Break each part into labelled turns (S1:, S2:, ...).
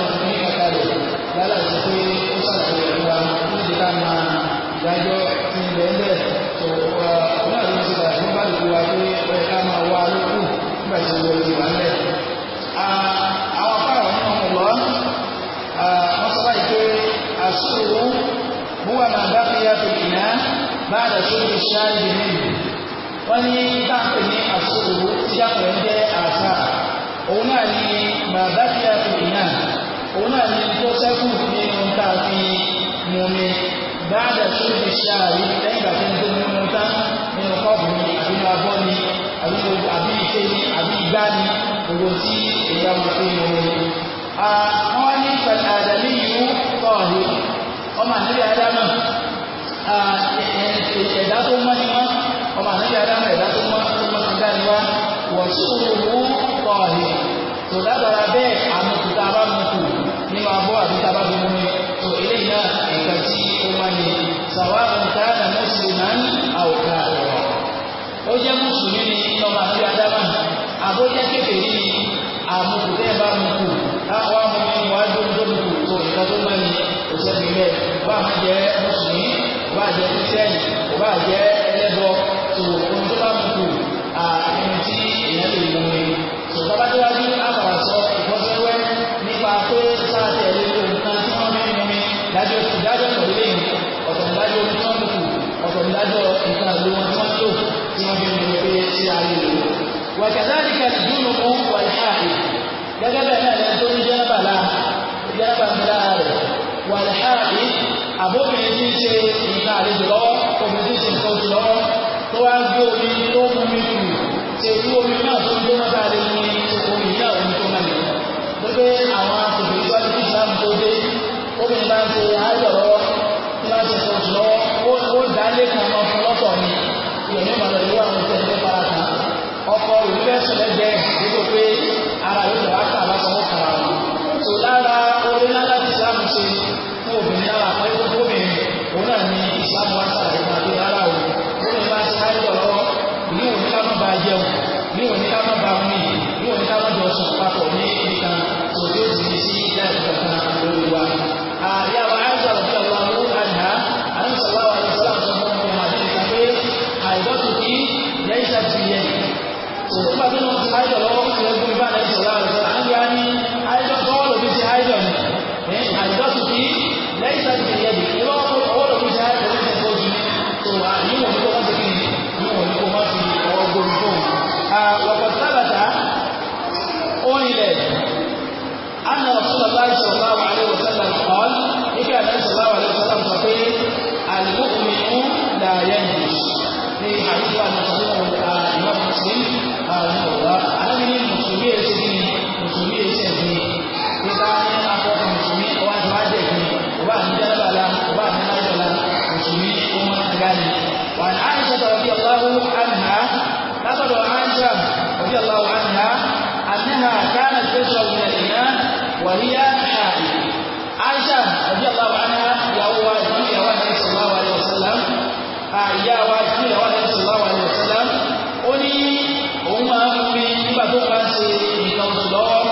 S1: mùsùlùmí kàkàlẹ̀ yálà ìṣe pé ó ṣàlàyé ìwà níbi ká máa ìdájọ́ ti ilẹ̀ ńlẹ̀ tó ọ̀rọ̀ àti ìṣe ìgbà tó bá lè fi wá pé ọ̀rẹ́ ká máa wá lókù nígbà tí ó ti wà ńlẹ̀. àwọn afárá wọn náà mọ̀ lọ́ wọ́n sọ báyìí pé àsùrù búwa máa bá fi yàtọ̀ ìná bá àdàtò ìṣáájú nínú wọ́n ní táàpù ní àsùrù tí àpò ń jẹ́ àṣà òun náà ní màbá fi yàtọ̀ ìná òun náà ní tó sẹ́kù nínú tá a fi mú mi dáadáa tó fi ṣáàrí lẹ́yìn ìgbà tó ń tó mímú tán nínú kọ́ọ̀bù ni àbí inú abọ́ ni àbí ife ni àbí igbá ni gbogbo tí èyí àwọn fi mú mi. wọ́n ní pẹ̀lú àdàlí ìlú tọ́ọ̀hì ọmọ àdúrà ádámà ẹ̀dá tó mọ́ ni wọ́n ọmọ àdúrà ádámà ẹ̀dá tó mọ́ tó mọ́ ti ni wá wọ́n tún òwú tọ́ọ̀hì tòlágbára bẹ́ẹ̀ àmì máa bọ́ àbí tá a bá fi mú mi tó eléyìí náà nǹkan tí ó máa ní sàwa nǹkan náà mùsùlùmí àwòká ọ̀rọ̀ ó jẹ́ mùsùlùmí ní ọmọ àti adama àbójẹ́ kékeré ní àmukùtẹ́ bá mu kù káwá mu ní wàá dóńdóńdó tó nǹkan tó máa ní òṣèlú rẹ̀ bá jẹ́ mùsùlùmí bá jẹ́ kristiani bá jẹ́ ẹlẹ́bọ tó pẹ̀lú wọn tí wọ́n lò tí wọ́n fi mú pé ṣé a lè lò. wàkàdáríkà dùnú kú wà ní ààrẹ gẹ́gẹ́ bẹ́ẹ̀ náà lẹ́nu tó ní jẹ́nàbà rẹ̀ wà ní ààrẹ àbóbìnrin tí ń obìnrin bá ń ṣe àjọ ينجش في حديث عن مسلم الإمام مسلم رحمه الله أنا من المسلمين سيدي مسلمين سيدي إذا أنا أقول مسلمين وأنا واجبني وبعد ذلك لا وبعد ذلك لا مسلمين وما تجاني وعن عائشة رضي الله عنها لقد عائشة رضي الله عنها أنها كانت تشرب من الإناء وهي حائض عائشة رضي الله àyà ah, wa sí ìyàwó àti ìsìláwà ní ìsìlá ó ní òun máa ń fi nígbà tó bá ń ṣe nǹkan oṣù lọ́wọ́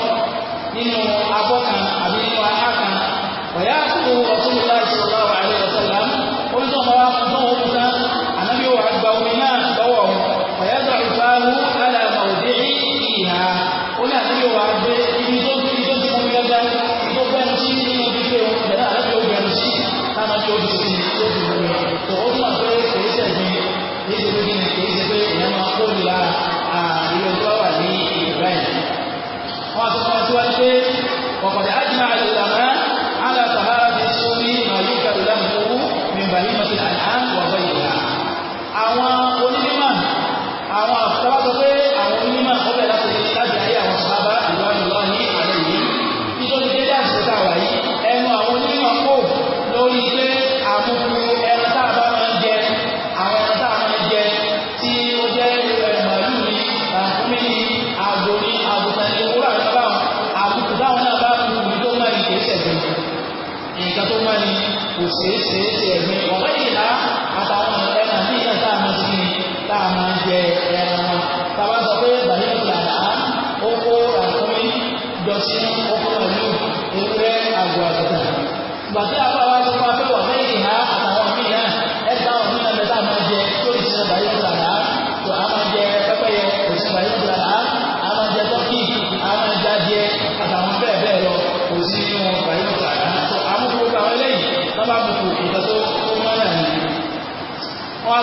S1: nínú abọ́ kan àbí nínú ahá kan wọ̀yá àtúntò ọ̀tún ìlà ìsìláwà àti ìsìlá ó kì í ṣe pé èèyàn máa kó nira ilé tó wà ní ìlú báyìí. wọ́n á sọ fún wa síwájú pé ọ̀pọ̀lọpọ̀ àjùmọ̀ àlè ìlànà oríṣiríṣi ẹ̀gbin ọ̀gá ìlà àtàwọn ẹran ní ìyá tá a máa ṣe tá a máa jẹ ẹran wọn. tá a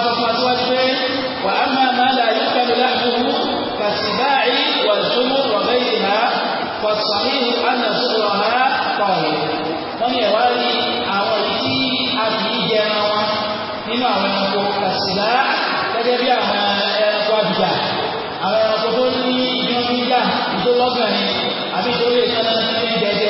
S1: sọ fún aṣíwájú pé wà á máa máa là yí pẹ̀lú láàbùrú kàṣìbáì wà zúmú rọ̀bẹ́ ìhà kọ̀sọ̀rí ànàzúrọ̀ ha pọ̀lì. wọ́n ní ẹ̀wá rí àwọn èyí tí a ní ìdí wọn fi ni àbí ìdólé ìtọ́nà ti jẹjẹ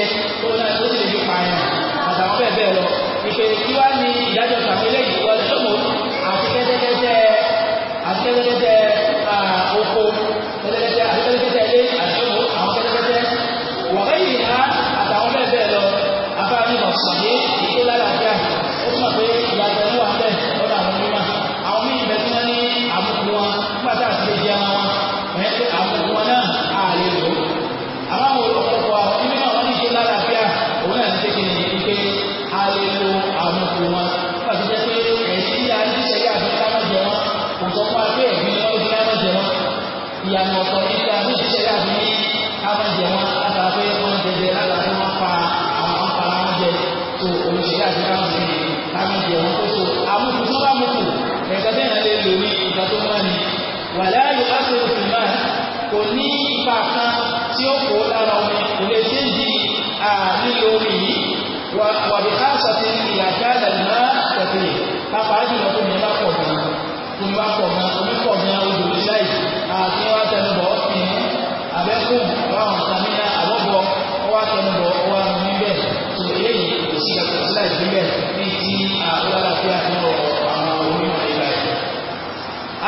S1: wá tẹnu bọ̀ ọ wá ní bẹ́ẹ̀ tó eléyìí kò sí kàkó síláì níbẹ̀ ní ti àlàáfíà náà àwọn onímọ̀ ìgbà yìí.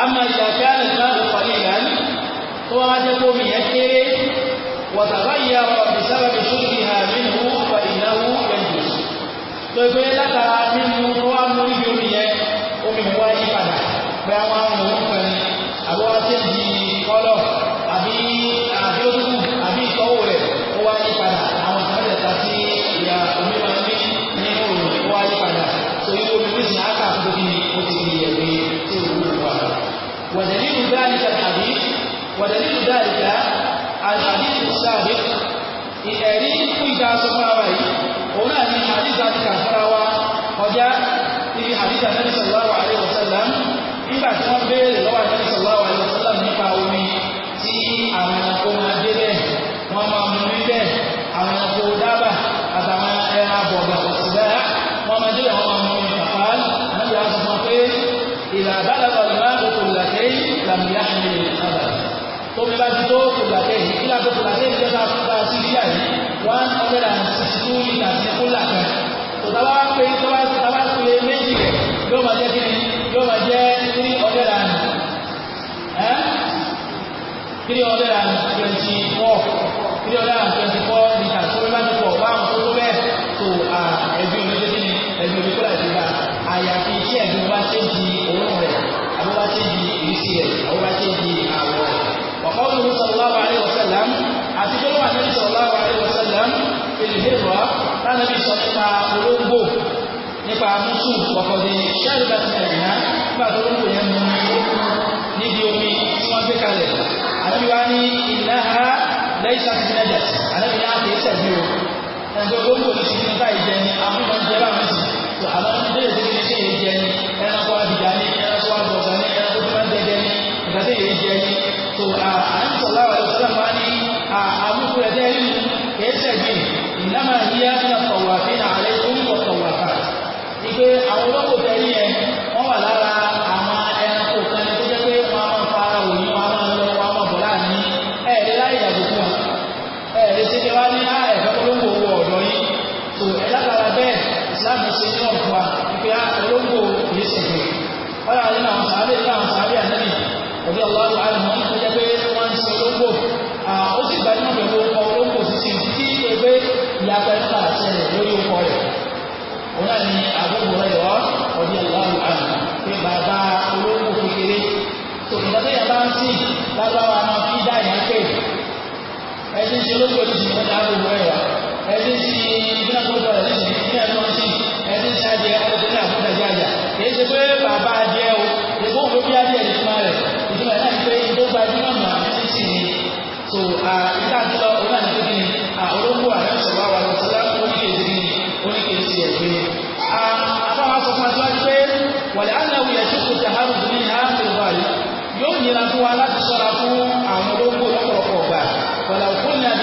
S1: àmà ìdàgbé àlùfáà ló pa ní ìlànà tó wá jẹ́ kó mi yẹn kéré wọ̀tàbá yìí àwọn ọ̀bìsára mi tó fi hàn nínú ọ̀pọ̀ ìnáwó ẹ̀jọ̀ tó gbé látara nínú wá mú ibi omi yẹn omi wá ذلك الحديث ودليل ذلك الحديث السابق ìtẹ̀rí fún ìgbà sọ́fún ara yìí òun náà ni àdíjà ti kàfàrà wa kọjá níbi àdíjà Nabi sallallahu alaihi wasallam nígbà tí wọ́n béèrè lọ́wọ́ Nabi sallallahu alaihi wasallam nípa omi tí àwọn ẹranko máa dé bẹ́ẹ̀ wọ́n máa mú mi bẹ́ẹ̀ àwọn ẹranko dábà àtàwọn ẹran abọ̀gbà òsì bẹ́ẹ̀ wọ́n máa dé ìlà àbálàbà máa ń kò làtẹ́ làmìyá ní ìlànà tó bí bá ti tó kò làtẹ́ yìí kí lábẹ́ kò làtẹ́ yìí bá bá sí yíyá yìí one hundred and sixty two litres ní kó làkàn tó tábà pé tábà ṣe di ìrísí rẹ̀ àwọn bá ṣe di àwọ̀ ọ̀kọ́ tó ń sọ̀rọ̀ láwà àríwọ̀ sẹ́lẹ̀m àti tó wà nẹ́bí sọ̀rọ̀ láwà àríwọ̀ sẹ́lẹ̀m ìlúhẹ́rọ̀ lánàbí sọ nípa olóńgbò nípa mùsù ọkọ̀ ní ṣẹ́rù bá ti nàìjíríà nígbà tó lóńgbò yẹn mú níbi omi tí wọ́n gbé kalẹ̀ àbí wá ní ìnáhà lẹ́yìn sátidínẹ́dẹ̀ àbí ní àkẹ́sẹ̀ bí o ẹ̀sọ́ gbogbo ti ní báyìí jẹ ní àfihàn jẹ nǹkan tẹ́ yẹn jẹ ní tó àìsàn láwà ló sọ́dọ̀ wá ní àbúkú rẹ̀ tẹ́ rí kẹsẹ̀ gbìn ìnáma yíyá ní ọ̀tọ̀wà fi nà àlẹ́ tó ń fà ní pé àwọn olóko tẹ olójú òjijì wọn ti àgbo ìwé wa ẹni tí ibi náà gbọ́dọ̀ rẹ nísìnyí ní ẹni wọn sí ẹni tí adìẹ àti ní àbúrò ẹjẹ àjà kì í ṣe pé bàbá adìẹ o èkó wo bí adìẹ ní ìtumọ̀ rẹ ìtumọ̀ náà ti pé ìdó gbajúmọ̀ mọ àmì sí ni so ìta àti lọ òun náà ní pé kí ni olóńgbò àrẹ sọlá wà lọ sọlá oníkèéjì ni oníkèéjì ẹgbẹ àbáwá sọ fún adúlá pé wàlẹ́ àdáwò yẹ kí kò tẹ̀hárù ní àáfẹ́ ìbáyé yóò nira fún wa láti sọ́ra fún àwọn olóńgbò lọ́pọ̀lọpọ̀ ọ̀gbà wàlẹ́ òkú ní ad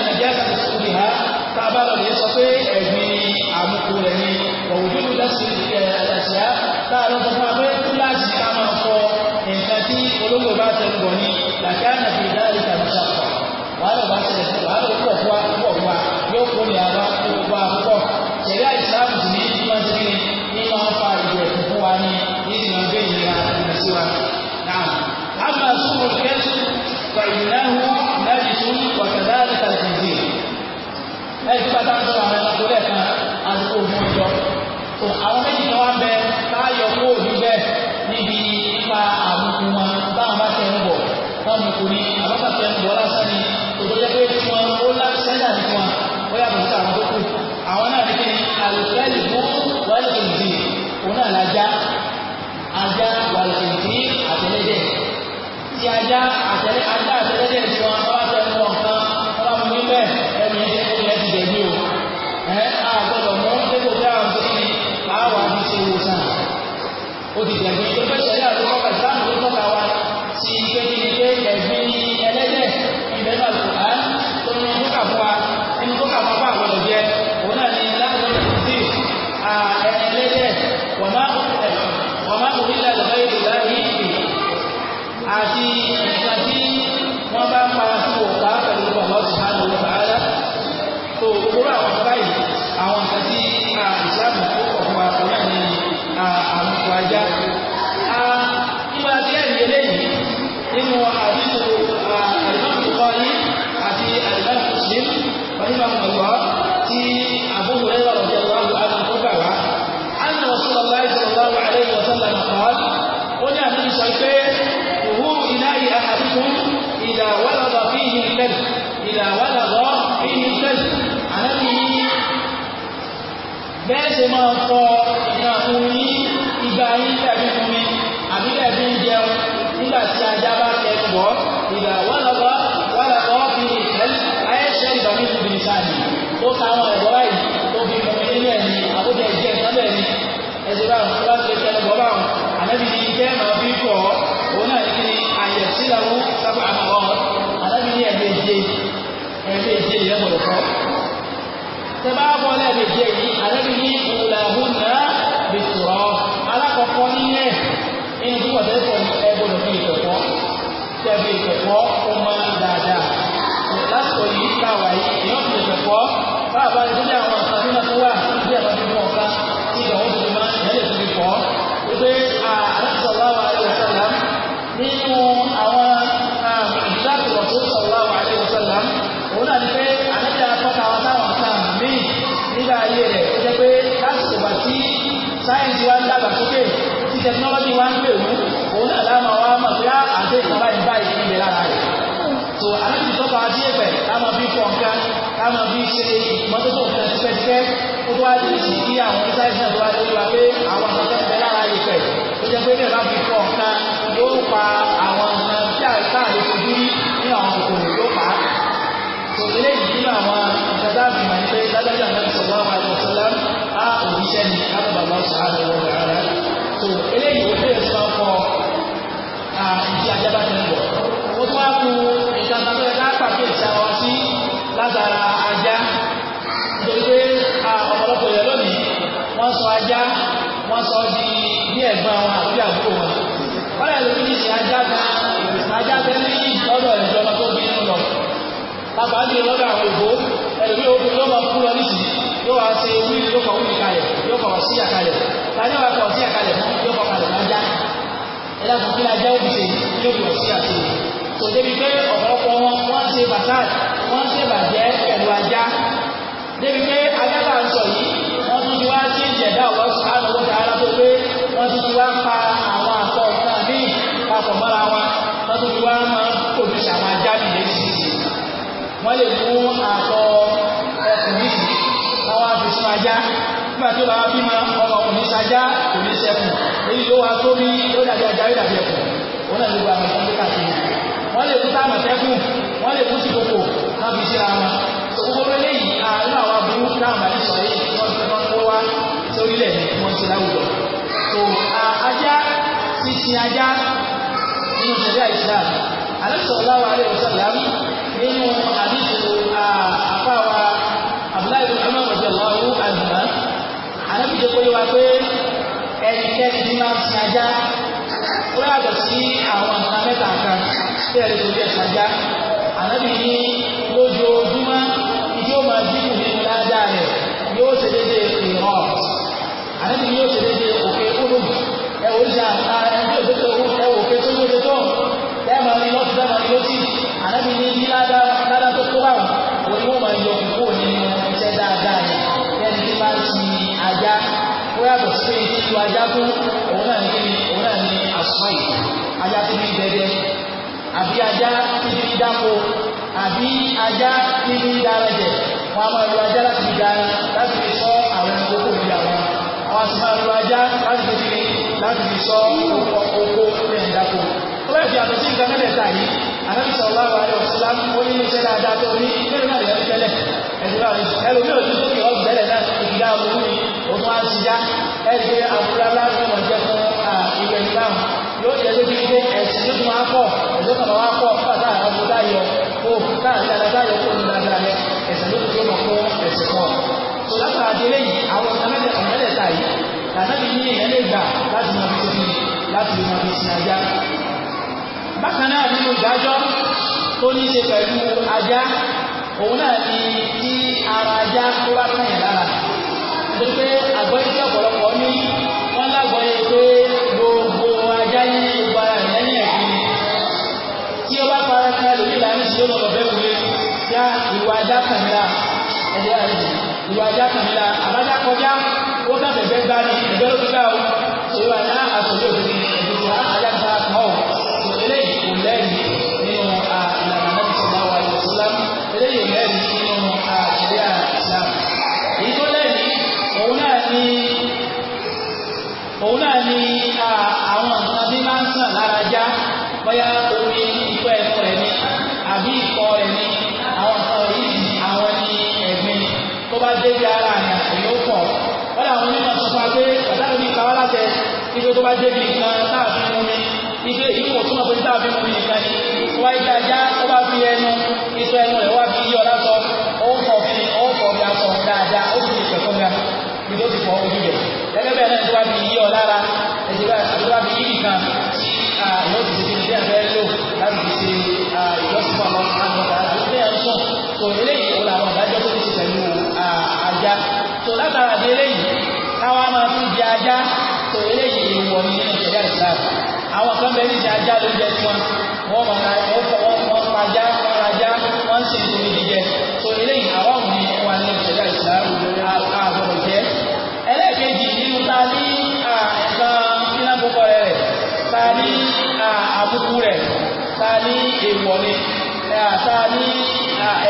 S1: pé ẹ̀gbin àbùkù rẹ̀ ni òwúrò lẹ́sìn ẹ̀ àṣà láàárọ̀ sọ fún wa pé kíláàsì ká máa fọ nǹkan tí olóńgbò bá tẹ̀ bọ̀ ni làkà ànàfi ìdárí tàbí ṣàkọ wàhálà bá ṣẹlẹ̀ sí wàhálà púpọ̀ fún wa púpọ̀ fún wa yóò kó ní ara gbogbo àpọ̀ ṣẹ̀rí àìsàn sì ní bí wọ́n ti rí ni wọ́n fa ìwẹ̀ fún wa ní ìdìmọ̀ ẹ̀rí pátá ń sọ̀rọ̀ àwọn ẹ̀ka tó lẹ́ẹ̀kan àsìkò òfin ọjọ́ tó àwọn méjì kan wá bẹ táyọ̀ kó òbí bẹ́ẹ̀ níbi nípa àbùkù wọn báwọn bá tẹ̀ ń bọ̀ wọn mú kò ní àbábà tẹ̀ ń bọ̀ lásán ni òtò jẹ́ pé tí wọn ó lá sẹ́ńdà ní wọn ó yàtọ̀ sí àwọn tó kù àwọn náà ní kí àlùfẹ́lì fún wẹ́lẹ̀kẹ̀dì òun náà lájá ajá wàlẹ̀kẹ̀dì àtẹlẹ́dẹ̀ ajá àtẹlẹ́ ajá ó ti ṣe àgbẹ̀ṣẹ́ sọ pé òwú iná yìí àhàdùkún ìdá wàlàbà bí i kẹ́lì ìdá wàlàbà bí i kẹ́lì ànábì ní bẹ́ẹ̀ ṣe máa fọ ìyá fún ní ìgbà yín tàbí fún mi àbí tàbí ń jẹun nígbà tí ajá bá kẹ́kọ̀ọ́ ìdá wàlàbà wàlàbà bí i kẹ́lì ayẹ́ṣẹ́ ìbàmí fún mi sáàdì ó ta àwọn ẹ̀gbọ́n báyìí jẹ́ màá fi kọ̀ ọ́ òun náà ní kí ni àyẹ̀ síláwó sábà àmọ́ ọ́ àdábì ní ẹ̀ẹ́dẹ́gbẹ́ ẹ̀ẹ́dẹ́gbẹ́ ìyẹn gbọ́dọ̀ kọ́. tẹ́bá bọ́ lẹ́ẹ̀dẹ́gbẹ́ yìí àdábì ní ìlàhùn náà bìtùrọ̀ alákọ̀ọ́kọ́ nílẹ̀ inú tó wọ̀dẹ́ pọ̀ ní ẹ gbọ́dọ̀ fi ìkẹ̀kọ́ tẹ̀bi ìkẹ̀kọ́ ó máa dáadáa lásìkò yìí táwa yìí èèyàn fi ìkẹ̀kọ́ báàbá ìdílé àwọn àtàlẹ́ náà tó wà bí àbájọ́ fún ọ̀ká tí ìgbà wọn ti máa ń ṣẹlẹ̀ sí ìkọ́ wípé ti wá ń dàgbà sókè tí tẹkinọ́lọ́jì wá ń gbèrú òun náà láàmà wá mọ̀ pé àti ìkọ̀lá ìgbà ìdí ìlera rà rẹ̀. tó aláàbí tọ́ka adé ẹ̀pẹ̀ táwọn bí fọ nǹkan táwọn bí ṣe ìmọ́tótó nǹkan tipẹ́tipẹ́ ó tó wá dé sí kí àwọn sáyẹ́sì náà tó wá dé wá pé àwọn nǹkan tẹ́ lára ìpẹ̀ ó jẹ́ pé bẹ́ẹ̀ bá fi fọ nǹkan yóò pa àwọn nǹkan tí àìsàn àdókòjú rí nínú àwọn kòkòrò yóò pa á. tòun eléyìí nínú àwọn nǹkan tá òjíṣẹ́ ni alábàbà sàánù wọn rárá tó eléyìí ó bẹ̀rẹ̀ sí ọkọ ìdí ajábá tẹ̀ bọ̀ ó tún wá kú ìjàmbá tó yẹ ká pàṣẹ ìṣàwọ́ sí látara ajá nítorí pé ọ̀pọ̀lọpọ̀ èèyàn lónìí wọ́n sọ ajá wọ́n sọ di bí ẹ̀gbọ́n wọn àbí àbúrò wọn wọ́n yà lóbi ní ti ajá gan ajá bẹ́ẹ̀ sí àkàlẹ̀ tani wà kọ̀ sí àkàlẹ̀ fún yóò kọ̀ kalẹ̀ máa já ẹ̀dá fún kí lajá òbí ṣe yóò fi ọ̀sí àti tò débi pé ọ̀pọ̀lọpọ̀ wọn wọ́n ṣe bàtàl wọ́n ṣe bàjẹ́ pẹ̀lú ajá débi pé ajá tá à ń sọ yìí wọ́n tún ti wá sí ìjẹ̀dá ọ̀wọ́ sùkánù owó tààrà tó pé wọ́n tún ti wá pa àwọn àkọ́ nǹkan míì papọ̀ mọ́ra wọn wọ́n tún ti wá máa ń pòdùsì àwọn ajá mi wọ́n lè mú àkọ́ ọkùnrin yìí wọ́n ajá nígbà tí ó bá wá bímọ ọmọ kò ní ṣajá kò ní ṣẹkùn èyí yóò wá tó bí ó dàbí ajá yóò dàbí ẹkùn òun náà ló gba àwọn ìṣẹ́jú káàkiri wọ́n lè kú táàmù ṣẹ́kùn wọ́n lè kú sí kòkò náà fi ṣe ara wọn gbogbo eléyìí àánú àwọn aburú táàmù àti sọ yìí wọ́n ti wọ́n kó wá sórílẹ̀ ni wọ́n ti láwùjọ tó ajá sísin ajá nínú ṣẹ̀dá ìsìlámù ajá ó yàtọ̀ sí àwọn nǹkan mẹ́ta kan tí ẹ̀rí tó fi ẹ̀sìn ajá ànábì ní lójoojúmọ́ ìdí ó máa dínkù nínú ládàá rẹ̀ yóò ṣe déédéé ìrọ̀ ànábì yóò ṣe déédéé òkè kúrò ẹ̀ wò ṣe àtàrà ẹ̀ wò òkè tó gbé tó ẹ̀ máa ní lọ́tí ẹ̀ máa ní lọ́tí ànábì ní ní ládàá tó tó báwọn òun yóò máa yọ kúkú nínú iṣẹ́ dáadáa rẹ̀ yẹn ti máa ti ajá ó yàtọ̀ sí ìtú ajá fún náà ní kíni òun náà ní àṣùmáyì ajá tí ń dẹdẹ àbí ajá tí ń dáko àbí ajá tí ń dára jẹ wọn a máa lo ajá láti fi dára láti fi sọ àwọn ìkókò bí àwọn àwọn àti máa lo ajá láti fi kíni láti fi sọ oko ní ẹ̀dáko tó bá yẹ fi àtọ̀ sí nǹkan mẹ́tẹ̀ẹ̀ta yìí àtàkì sọ̀rọ̀ àwọn àrẹ ọ̀sílá ó ní iṣẹ́ dáadáa tó ní nínú náà lẹ́yìn tẹ́lẹ̀ ẹ̀dùn náà ẹlòmíràn tó tó kì í ọ̀gbẹ́lẹ̀ náà ìgbà àbúrú ni òun á ti já ẹ̀ yóò jẹ́ lójú pé ẹ̀sìn tó máa pọ̀ ẹ̀sìn tó máa pọ̀ pàtà àwọn ọmọ dáyọ̀ kó káàkiri adáyọ̀ kó ní dáadáa rẹ̀ ẹ̀sìn ló tó mọ̀ fún ẹ̀sìn pọ̀. tó lápá adélé yìí àwọn ọ̀nàmẹ́lẹ̀ta yìí làtàbí ní ìyẹn lè gbà láti mọ ibi tóbi láti mọ ibi sin ajá. bákan náà nínú ìdájọ́ tó ní ṣe pẹ̀lú ajá òun náà ni tí ara ajá tó bá kàn yẹn lára nítorí pé àgbọ̀ bóyá ní gbogbo ara rẹ̀ ní ẹ̀gbin tí ó bá fara kan lórí ìlànà tí ó lọ bẹ̀ wúlé já ìwà ajá kàmílà ẹ̀jẹ̀ rẹ̀ ìwà ajá kàmílà àbájá kọjá ó ká bẹ̀bẹ̀ gbá ní ẹ̀gbẹ́ ló gbá o ṣe wà ní àtọ̀jú òbí ẹ̀jẹ̀ tí a ajá ta mọ́ o tó eléyìí kò lẹ́yìn òun náà ni sàn lára ajá bóyá omi ìtọ́ ẹnu rẹ̀ ni àbí ìkọ́ rẹ̀ ni àwọn nǹkan yìí àwọn ni ẹ̀gbin tó bá dé bí ara àyàn èyí ó pọ̀ wọ́n làwọn onímọ̀ sọ fún wa pé ọ̀dà lómi ìkàwá látẹ̀ kí tó bá dé bí wọ ní ìṣẹ̀lẹ̀ Islam àwọn kan bẹ́ẹ̀ níṣẹ́ ajá ló jẹ́ tiwọn wọ́n máa ra wọ́n fọwọ́ wọ́n máa já wọ́n ra já wọ́n sì ń torí jíjẹ so eléyìí àwọn òun ni wọ́n ní ìṣẹ̀lẹ̀ Islam àgbọ̀dọ̀ jẹ́ ẹlẹ́ẹ̀kejì nínú ta ní nǹkan iná gbogbo rẹ̀ ta ní àbùkù rẹ̀ ta ní èèwọ̀ ni ta ní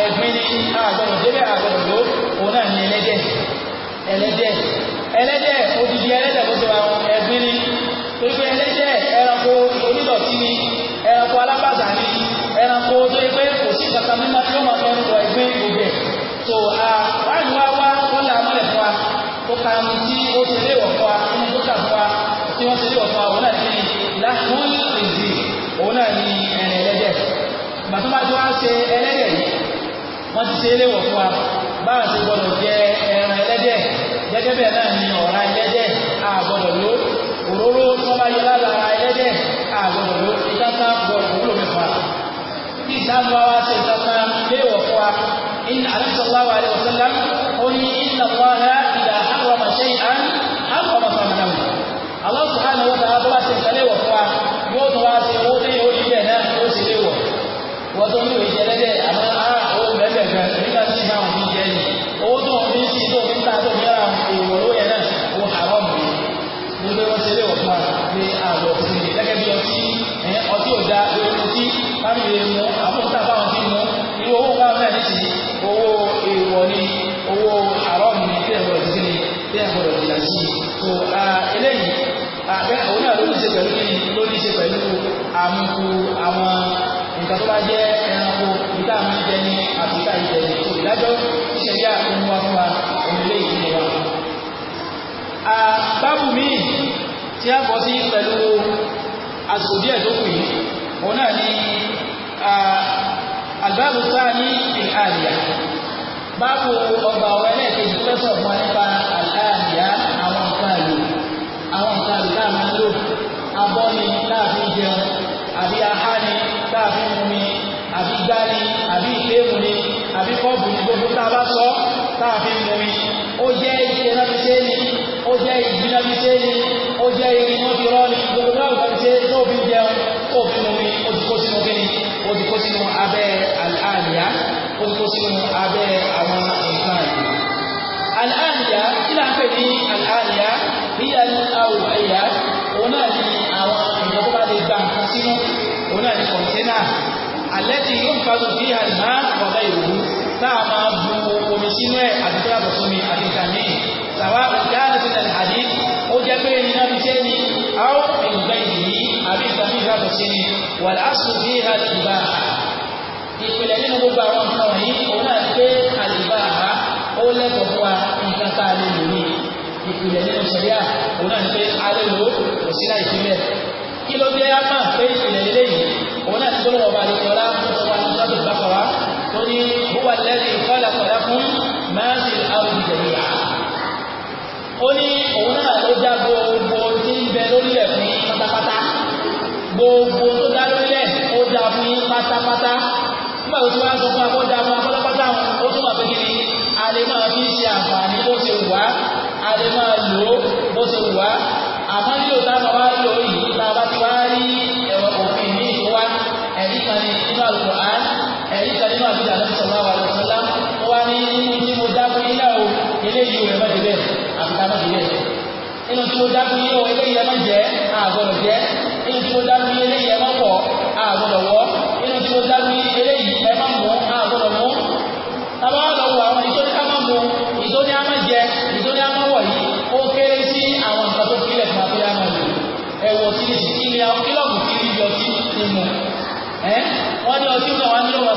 S1: ẹ̀gbin ni àgbọ̀dọ̀ débẹ̀ àgbọ̀dọ̀ ló òun náà ní ẹlẹ́dẹ̀ ẹlẹ́dẹ̀ ẹlẹ́dẹ̀ odidi ẹlẹ́dẹ̀ so àánú ah, wa wá wọ́n là mọ́lẹ̀ fún wa ó ka ní tí ó ti lé wọ̀ fún wa ní tó kà fún wa tí wọ́n ti lé wọ̀ fún wa òun náà ti láhùn ìdí òun náà ni ẹ̀rìn ẹlẹ́dẹ̀ gbàtọ́ bá ti wá ṣe ẹlẹ́dẹ̀ yìí wọ́n ti ṣe é lé wọ̀ fún wa báwa ṣe gbọ́dọ̀ jẹ ẹran ẹlẹ́dẹ̀ gẹ́gẹ́ bẹ́ẹ̀ náà ni ọ̀rá ẹlẹ́dẹ̀ àgbọ̀dọ̀ ló òróró tó bá yọ lára ẹlẹ́dẹ̀ àgbọ̀dọ̀ ló ìtàkà gbọ́dọ̀ wúlò mẹ́fà. bí ìtàkùn wa wá ṣe ìtàkùn léèwọ̀ fún wa إن عليه الله عليه وسلم قل إن الله إذا حرم شيئا tí ṣẹ̀ríà ń wá fún wa òmìnirè ìdílé wa. báàbù míì tí a bọ́ sí pẹ̀lú àsòdí ẹ̀dókù yìí náà ni àgbàbù sáà ní ìhàlìyà báàbù ọgbà ọ̀rọ̀ ẹlẹ́ẹ̀kejì tó fẹ́ sọ̀rọ̀ fún wa nípa àlàáyà àwọn nǹkan àwọn nǹkan láàmú lò abọ́ ni láàfin jẹun àbí ahá àbí kọ́ọ̀bù ní gbogbo tá a bá sọ tá a fi mú mi ó jẹ́ ìṣe náà fi ṣe é ni ó jẹ́ ìdí náà fi ṣe é ni ó jẹ́ irin wọn fi rọ́ ni gbogbo náà fi ṣe é tó fi jẹun ó fi mú mi ó ti kó sínú kíni ó ti kó sínú abẹ́ àlìyá ó ti kó sínú abẹ́ àwọn nǹkan ìlú. àlìyá kí là pè ní àlìyá bí àwòrán ìyá òun náà ni àwọn èèyàn tó bá lè gba nǹkan sínú òun náà ni kọ̀ńténà alẹ́ ti yóò fa lọ bí àlìyá ọ̀gá táà máa bu omi sínú ẹ̀ àti tó yàtọ̀ sómi àti kàmí sàwa ìdáàdì sílẹ̀ àdí ó jẹ́ pé iná fi ṣe ni a ó ìgbà yìí àbí ìsàmì ìyàtọ̀ sí ni wà láṣù bí i àdìbà ìpìlẹ̀ nínú gbogbo àwọn nǹkan wọ̀nyí òun náà pé àdìbà ó lẹ́tọ̀ọ́ fún wa nǹkan tá a lè lò ní ìpìlẹ̀ nínú ṣẹ̀ríà òun náà pé a lò kò sí mo dá fún yín o eléyìí ẹ má jẹ́ àgọ́dọ̀ jẹ́ inú tí mo dá fún yín eléyìí ẹ má wọ̀ àgọ́dọ̀ wọ̀ inú tí mo dá fún yín eléyìí ẹ má mú àgọ́dọ̀ mú. tábà wà àwọn ìtọ́ni ká má mú ìtọ́ni á má jẹ ìtọ́ni á má wọ̀ yìí ó kéré sí àwọn nǹkan tó kílẹ̀ fún abẹ́ àmà lò ẹ̀wọ̀ kí ni kílọ̀bù kí ni ibi ọtí ni mu. wọ́n ní ọtí náà wá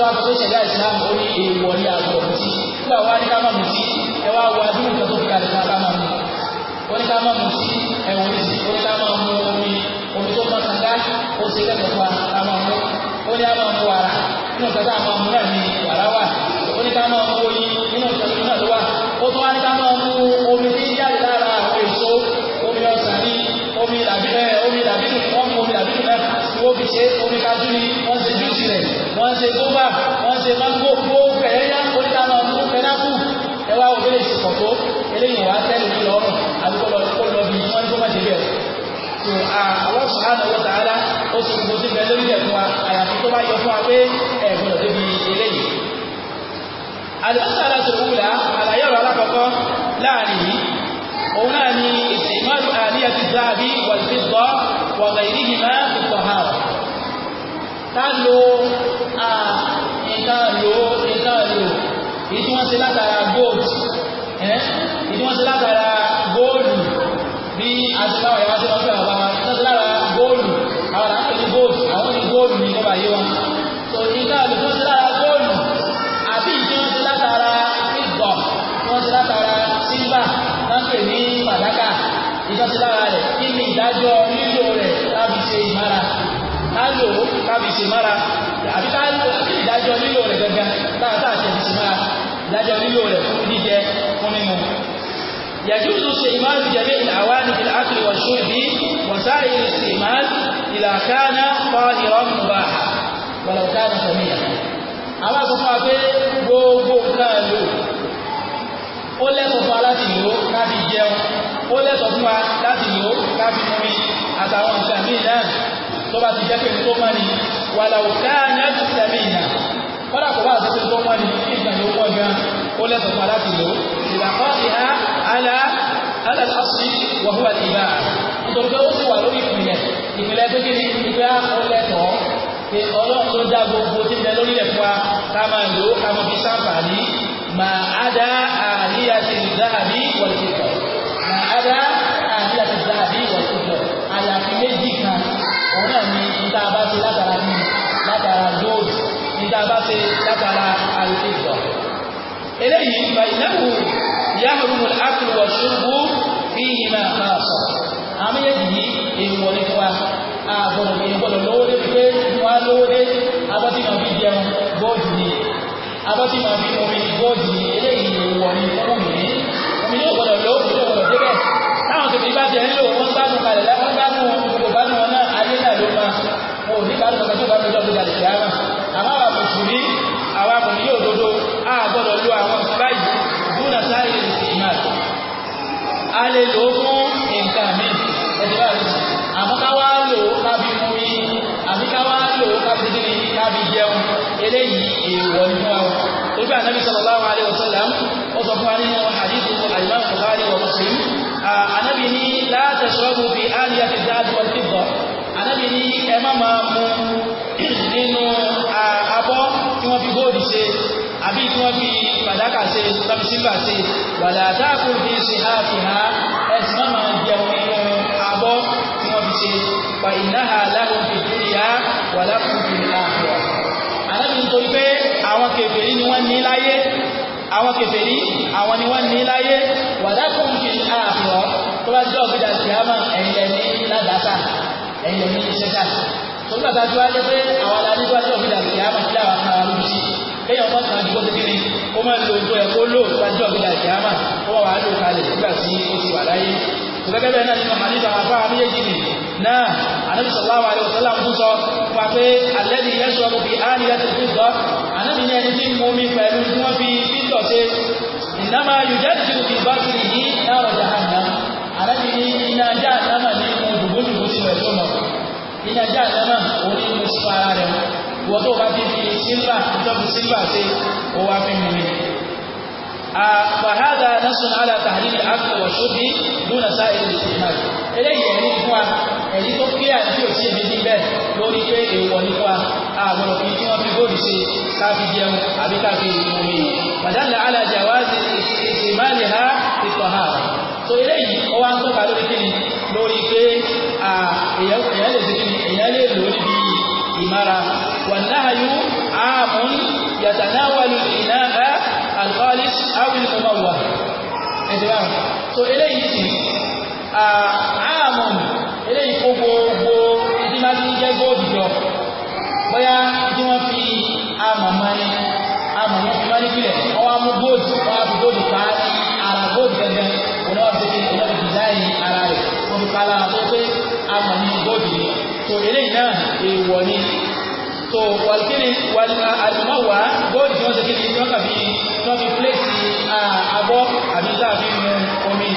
S1: tó wá sọ pé ṣẹ̀dá islam ó ní èèwọ̀ ní àgbọ̀ mutí nígbà wá ní ká má mutí ẹ wá wá bí nǹkan tó fi kalẹ̀ ká má mu ó ní ká má mutí ẹ wò ní sí ó ní ká má mu omi omi tó máa kàdá ó ṣe lẹ́kọ̀ọ́ pa ká má mu ó ní ká má mu wàrà nínú nǹkan tá a má mu náà ní wàrà wà ó oyin nínú nǹkan náà ló wà ó tún wá ní ká omi tí jáde lára èso omi ọ̀sán omi làbí omi làbí omi làbí wọ́n ṣe gómà wọ́n ṣe mango gbó pẹ̀lẹ́yà oníkànnà ọdún pẹ̀lápù ẹwà òbí lè ṣe kọ̀tó eléyìí wà á tẹ́lẹ̀ ní lọ́rùn àdúgbò lọ bí wọ́n tó má ṣe bẹ̀rẹ̀ tó àwọn sùhánà wọ́n tààdá ó sì gbogbo sí bẹ lórí ẹ̀fún wa àyàfi tó bá yọ fún wa pé ẹ̀gbọ́n débi eléyìí. àdìmọ́sára tó wúlà àlàyé ọ̀rọ̀ alákọ̀ọ́kọ́ láàrin yìí òun náà ni ìsìnkú àníyàn ti dáàbí wà ká lo nǹkan lò nǹkan lò èyí tí wọ́n ṣe látara gold èyí tí wọ́n ṣe látara góòlù bí aṣèbáwọ̀ ẹ̀wá ṣe wọ́n fi àwọn àwọn ṣe lára góòlù àwọn làwọn ní góòlù àwọn ní góòlù ní ìjọba yé wọn tó nǹkan lò tí wọ́n ṣe lára góòlù àbí èyí tí wọ́n ṣe látara fífọ̀ tí wọ́n ṣe látara sílvà láńpè ní fàdákà ìjọsìn lára rẹ̀ kí ni ìdájọ́ lílo rẹ̀ láti ṣe ìmára ká lò ó fi ṣe mára àbí ká ìdájọ́ lílò rẹ̀ gangan táà táà ṣe fi ìdájọ́ lílò rẹ̀ fún jíjẹ fún mímu. يجوز استعمال جميع الأواني في الأكل وسائر الاستعمال إذا كان طاهرا مباحا ولو كان سميعا àwọn àtọ́fà pé gbogbo nǹkan lò ó lẹ́tọ̀ọ́ fún wa láti lò ó láti jẹun ó lẹ́tọ̀ọ́ fún àtàwọn nǹkan míì tó bá ti jẹ́ pé tó mọ́ ni wàlàwùká ní àtìsẹ́mì ìyà kọ́dà kò bá àtúnṣe tó wọ́n ní ìgbà ló wọ́n gan ó lẹ́sọ̀ padà ti lò ìlàkọ́ ìhá alá alàlásí wàhúwà ti bá nítorí pé ó sì wà lórí ìpìlẹ̀ ìpìlẹ̀ tó kí ni ìgbà ó lẹ́tọ̀ pé ọlọ́run tó dá gbogbo tí ń bẹ lórí ẹ̀fọ́ ká máa tá a bá ṣe látara àlùfíìsọ̀. eléyìí fa ìnáwó yahrum al-aklu wa shurbu fihima khassa. àwọn méjèèjì yìí èyí wọlé fún wa àbọ̀dọ̀ èyí gbọ́dọ̀ lówó dé pé wọ́n á lówó dé abọ́tí màá fi jẹun bọ́ọ̀dù ni abọ́tí màá fi omi bọ́ọ̀dù ni eléyìí èyí wọlé fún mi omi yóò gbọ́dọ̀ lówó dé gbọ́dọ̀ débẹ̀ táwọn tòbí bá jẹ nílò wọn gbádùn kalẹ̀ láwọn gbádùn gbogbo gbádùn wọn náà ayé náà ló máa wọn ò ní gbádùn ọmọ tó bá lọ́jọ́ tó a lè lò ó fún nǹkan mi ẹ̀dẹ̀ báyìí àmọ́ ká wá lò ó kábi mú yí àbí ká wá lò ó kábi dídí ní kábi jẹun eléyìí èèwọ̀ nínú àwọn torí ànábi sallallahu alaihi wasallam ó sọ fún wa nínú hadithu alimami Bukhari wa Muslim ànábi ní la tashrabu fi aniyati dhahab wal fidda ànábi ní ẹ má máa mú nínú abọ́ tí wọ́n fi góòdì ṣe àbí tí wọ́n fi fàdákà ṣe tàbí sílvà ṣe wàlá àtàkùn fi ṣe ha fi ha ẹ̀sìn máa máa jẹun nínú abọ́ tí wọ́n fi ṣe wà ìnáhà aláhùn fi dúnìyà wà lákùn fi àpọ̀. àlejò nítorí pé àwọn kèfèrí ni wọ́n ní láyé àwọn kèfèrí àwọn ni wọ́n ní láyé wà lákùn fi tó bá jẹ́ òbídà kìámà ẹ̀yẹ ní ládàáta ẹ̀yẹ ní ìṣẹ́ta kó má lo ojú ẹ̀ kó lò sájọ́ bí la ìyáàmà kó wà wá lò kalẹ̀ nígbà tí ó ti wà láyé gẹ́gẹ́ bẹ́ẹ̀ náà nínú hadith àwọn afárá méjèèjì nì náà anabi sallallahu alaihi wasallam ń sọ wà pé alladhi yashrabu bi aniyati fidda anabi ní ẹni tí ń mú mi pẹ̀lú tí wọ́n fi fídọ̀ ṣe innama yujaddidu fi batnihi nara jahannam anabi ní iná ajá àdámà ní mo dùgbòdùgbò sí rẹ̀ tó mọ̀ iná ajá àdámà òun ní mo sọ ara rẹ̀ ìwọ́n tó bá ti fi sílvà ìtọ́bù sílvà sí ó wá fi mú mi. àfàhádà nasun ala tahlil akọ ṣóbi lónà sáyẹn lè ṣe náà eléyìí ẹ̀rí fún wa ẹ̀rí tó kíyà tí ò sí èmi níbẹ̀ lórí pé èèwọ̀ ní wa àgbọ̀dọ̀ fi tí wọ́n fi góòlù ṣe káfí jẹun àbí káfí mú mi. bàdánlá alájà wá sí ìsìnmáàlì ha ìtọ̀há so eléyìí ó wá ń tọ́ka lórí kíni lórí pé èèyàn lè ṣe kíni èèyàn lè lò níbi ìmára والنهي عام يتناول الإناء الخالص أو المموه انتباه so eléyìí sì àmọ́ eléyìí kó gbogbo ìdí máa ti ń jẹ́ góòdù jọ bóyá tí wọ́n fi àmọ́ máa ní àmọ́ wọn fi máa ní pilẹ̀ wọ́n wá mú góòdù wọ́n á fi góòdù pa ara góòdù gẹ́gẹ́ òun náà ti fi òun náà fi dáì ara rẹ̀ wọ́n fi pa ara tó pé àmọ́ ní góòdù yìí so eléyìí náà èèwọ̀ ni so walikini alimọwa góòlù tí wọn ṣe kíni wọn kàbí wọn fi pílẹsì abọ́ àbí tá a fi mu omi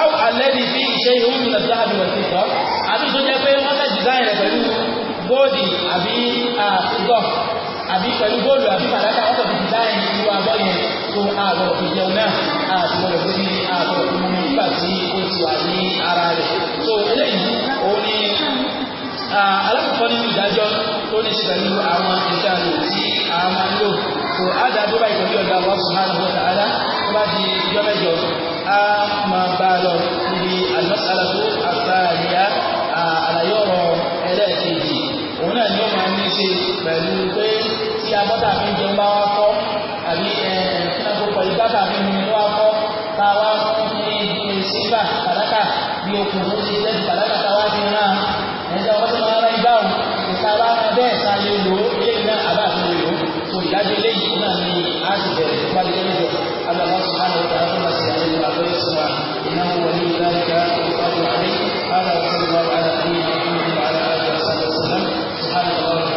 S1: àwọn alẹ́ni fi ṣe ìhun nínú ẹ̀dá àbí wọ̀sí sọ àbí tó jẹ́ pé wọ́n fẹ́ design rẹ̀ pẹ̀lú góòlù àbí gọ́ọ̀ àbí pẹ̀lú góòlù àbí fàdákà wọ́n kàn fi design irú abọ́ yẹn tó àbọ̀ fi jẹun náà àti wọ́n lè fi ní àbọ̀ fi mu nígbà tí ó ti wà ní ara rẹ̀ so eléyìí òun ni alákọ̀ọ́kọ́ nínú ìdájọ́ ó ní ṣe pẹ̀lú àwọn ìta àlò tí a máa lò so ádá tó bá ìtọ́jú ọ̀dà wọn sùn hàn wọ́n tààdá tó bá di ìjọ mẹ́jọ a máa bá a lọ níbi àlọ́sàlàtó àtàríyá àlàyé ẹlẹ́ẹ̀kejì òun náà ni ó máa ní ṣe pẹ̀lú pé tí abọ́tà fi ń jẹun bá wá kọ́ àbí ẹ̀ẹ́dẹ́gbọ́pọ̀ ìgbàgbà fi ń wá kọ́ tá a wá fún ní sílvà pàdákà bí okùn bẹ́ẹ̀ ta lè lò ó lé iná àbá àti lè lò ó tó ìdájọ́ eléyìí náà ni a ti bẹ̀rẹ̀ tó bá lè lẹ́yìn bẹ̀ aláwọ̀ sọ̀rọ̀ àwọn ọ̀dọ́ àti àgbẹ̀ sọ̀rọ̀ iná wọ̀ ní ìdájọ́ ìfọ̀dọ̀ àlẹ́ àwọn ọ̀dọ́ àti àwọn ìlú àgbẹ̀ sọ̀rọ̀